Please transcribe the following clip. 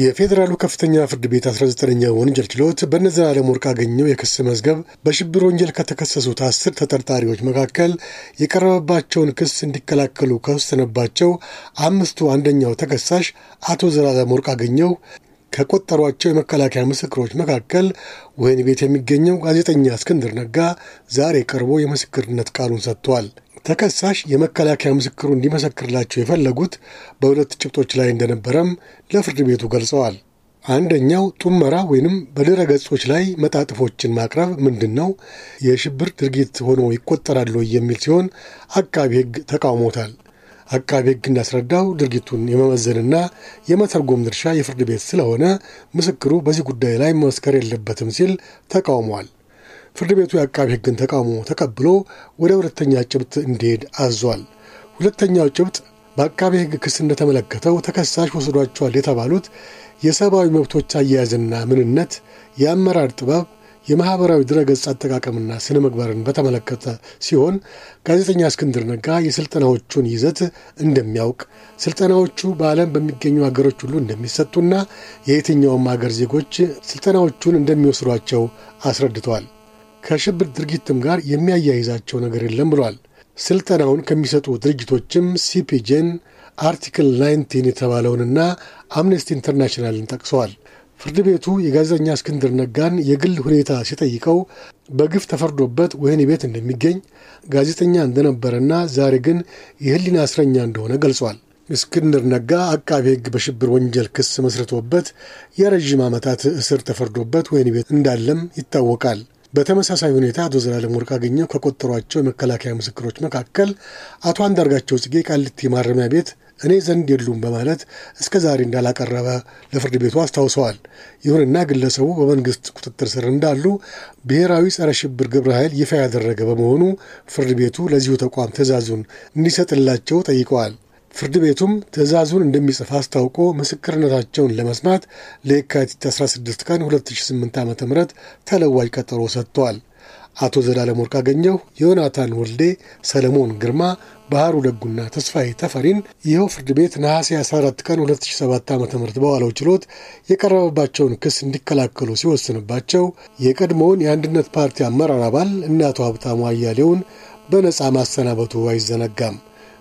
የፌዴራሉ ከፍተኛ ፍርድ ቤት 19ኛ ወንጀል ችሎት በእነ ዘላለም ወርቅ አገኘው የክስ መዝገብ በሽብር ወንጀል ከተከሰሱት አስር ተጠርጣሪዎች መካከል የቀረበባቸውን ክስ እንዲከላከሉ ከወሰነባቸው አምስቱ አንደኛው ተከሳሽ አቶ ዘላለም ወርቅ አገኘው ከቆጠሯቸው የመከላከያ ምስክሮች መካከል ወህኒ ቤት የሚገኘው ጋዜጠኛ እስክንድር ነጋ ዛሬ ቀርቦ የምስክርነት ቃሉን ሰጥቷል። ተከሳሽ የመከላከያ ምስክሩ እንዲመሰክርላቸው የፈለጉት በሁለት ጭብጦች ላይ እንደነበረም ለፍርድ ቤቱ ገልጸዋል። አንደኛው ጡመራ ወይንም በድረ ገጾች ላይ መጣጥፎችን ማቅረብ ምንድን ነው የሽብር ድርጊት ሆኖ ይቆጠራሉ የሚል ሲሆን አቃቢ ሕግ ተቃውሞታል። አቃቢ ሕግ እንዳስረዳው ድርጊቱን የመመዘንና የመተርጎም ድርሻ የፍርድ ቤት ስለሆነ ምስክሩ በዚህ ጉዳይ ላይ መመስከር የለበትም ሲል ተቃውሟል። ፍርድ ቤቱ የአቃቢ ሕግን ተቃውሞ ተቀብሎ ወደ ሁለተኛ ጭብጥ እንዲሄድ አዟል። ሁለተኛው ጭብጥ በአቃቢ ሕግ ክስ እንደተመለከተው ተከሳሽ ወስዷቸዋል የተባሉት የሰብአዊ መብቶች አያያዝና ምንነት፣ የአመራር ጥበብ፣ የማኅበራዊ ድረገጽ አጠቃቀምና ስነ ምግባርን በተመለከተ ሲሆን ጋዜጠኛ እስክንድር ነጋ የሥልጠናዎቹን ይዘት እንደሚያውቅ፣ ሥልጠናዎቹ በዓለም በሚገኙ ሀገሮች ሁሉ እንደሚሰጡና የየትኛውም አገር ዜጎች ሥልጠናዎቹን እንደሚወስዷቸው አስረድተዋል። ከሽብር ድርጊትም ጋር የሚያያይዛቸው ነገር የለም ብሏል። ስልጠናውን ከሚሰጡ ድርጅቶችም ሲፒጄን፣ አርቲክል 19 የተባለውንና አምነስቲ ኢንተርናሽናልን ጠቅሰዋል። ፍርድ ቤቱ የጋዜጠኛ እስክንድር ነጋን የግል ሁኔታ ሲጠይቀው በግፍ ተፈርዶበት ወህኒ ቤት እንደሚገኝ ጋዜጠኛ እንደነበረና ዛሬ ግን የህሊና እስረኛ እንደሆነ ገልጿል። እስክንድር ነጋ አቃቤ ሕግ በሽብር ወንጀል ክስ መስርቶበት የረዥም ዓመታት እስር ተፈርዶበት ወህኒ ቤት እንዳለም ይታወቃል። በተመሳሳይ ሁኔታ አቶ ዘላለም ወርቅ አገኘው ከቆጠሯቸው የመከላከያ ምስክሮች መካከል አቶ አንዳርጋቸው ጽጌ ቃሊቲ ማረሚያ ቤት እኔ ዘንድ የሉም በማለት እስከ ዛሬ እንዳላቀረበ ለፍርድ ቤቱ አስታውሰዋል። ይሁንና ግለሰቡ በመንግስት ቁጥጥር ስር እንዳሉ ብሔራዊ ጸረ ሽብር ግብረ ኃይል ይፋ ያደረገ በመሆኑ ፍርድ ቤቱ ለዚሁ ተቋም ትዕዛዙን እንዲሰጥላቸው ጠይቀዋል። ፍርድ ቤቱም ትዕዛዙን እንደሚጽፍ አስታውቆ ምስክርነታቸውን ለመስማት ለየካቲት 16 ቀን 2008 ዓ ም ተለዋጅ ቀጠሮ ሰጥተዋል። አቶ ዘላለም ወርቅአገኘሁ፣ ዮናታን ወልዴ፣ ሰለሞን ግርማ፣ ባህሩ ደጉና ተስፋዬ ተፈሪን ይኸው ፍርድ ቤት ነሐሴ 14 ቀን 2007 ዓ ም በዋለው ችሎት የቀረበባቸውን ክስ እንዲከላከሉ ሲወስንባቸው የቀድሞውን የአንድነት ፓርቲ አመራር አባል እና አቶ ሀብታሙ አያሌውን በነፃ ማሰናበቱ አይዘነጋም።